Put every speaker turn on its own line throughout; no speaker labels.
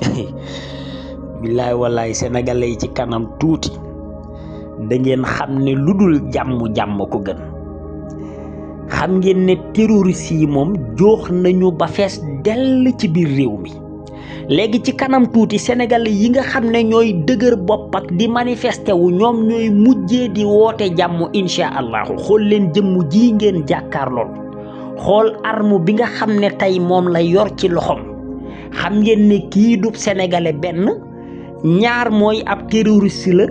billaay wallaay sénégalais yi ci kanam tuuti da ngeen xam ne lu dul jàmm-jàmm ko gën xam ngeen ne terroriste yi moom joox nañu ba fees dell ci biir réew mi léegi ci kanam tuuti sénégalais yi nga xam ne ñooy dëgër bopp ak di manifester ñoom ñooy mujjee di woote jàmm incha allahu xool leen jëmm ji ngeen jàkkaarlool xool arme bi nga xam ne tey moom la yor ci loxoom. xam ngeen ne kii du sénégalais benn ñaar mooy ab terroriste la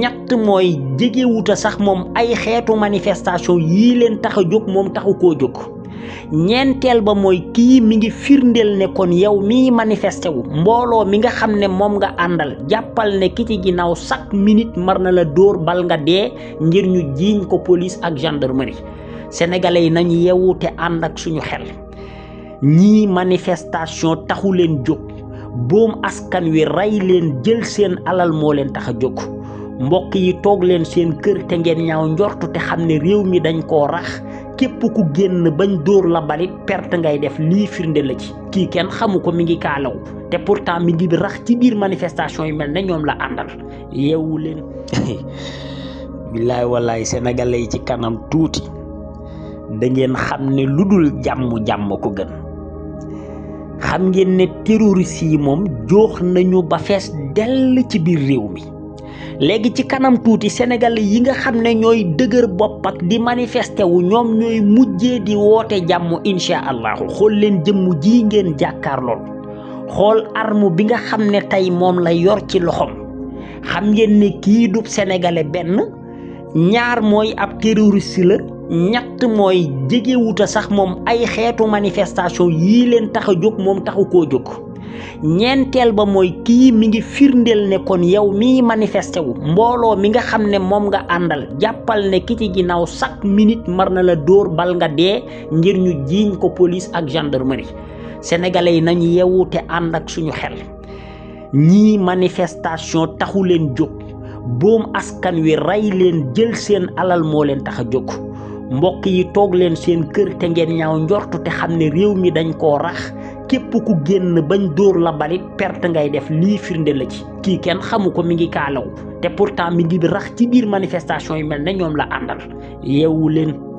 ñett mooy jegewuta sax moom ay xeetu manifestation yii leen tax a jóg moom taxu koo jóg ñeenteel ba mooy kii mi ngi firndeel ne kon yow miy manifesté wu mbooloo mi nga xam ne moom nga àndal jàppal ne ki ci ginnaaw chaque minit mar na la dóor bal nga dee ngir ñu jiiñ ko police ak gendarmerie sénégalais yi nañu yewu te ànd ak suñu xel ñii manifestation taxu leen jóg boom askan wi rey leen jël seen alal moo leen tax a jóg mbokk yi toog leen seen kër te ngeen ñaaw njortu te xam ne réew mi dañ koo rax képp ku génn bañ dóor la balit perte ngay def lii firnde la ci kii kenn xamu ko mi ngi kaalaw te pourtant mi ngi rax ci biir manifestation yi mel ne ñoom la àndal yeewu leen billaay wallaay sénégalais yi ci kanam tuuti da ngeen xam ne lu dul jàmm jàmm ko gën xam ngeen ne terroriste yi moom joox nañu ba fees dell ci biir réew mi léegi ci kanam tuuti Sénégal yi nga xam ne ñooy dëgër bopp ak di manifesté wu ñoom ñooy mujje di woote jàmm incha allahu xool leen jëmm ji ngeen jàkkaarlool xool armu bi nga xam ne tey moom la yor ci loxoom xam ngeen ne kii du sénégalais benn ñaar mooy ab terroriste la ñatt mooy jege wuta sax moom ay xeetu manifestation yi leen tax a jóg moom taxu koo jóg ñeenteel ba mooy kii mi ngi firndeel ne kon yow mii manifesté wu mbooloo mi nga xam ne moom nga àndal jàppal ne ki ci ginnaaw chaque minute mar na la dóor bal nga dee ngir ñu jiiñ ko police ak gendarmerie sénégalais yi nañu yewu te ànd ak suñu xel ñii manifestation taxu leen jóg boom askan wi ray leen jël seen alal moo leen tax a mbokk yi toog leen seen kër te ngeen ñaaw njortu te xam ne réew mi dañ koo rax képp ku génn bañ dóor la balit perte ngay def lii firnde la ci kii kenn xamu ko mi ngi kaalaw te pourtant mi ngi rax ci biir manifestation yi mel na ñoom la àndal yeewu leen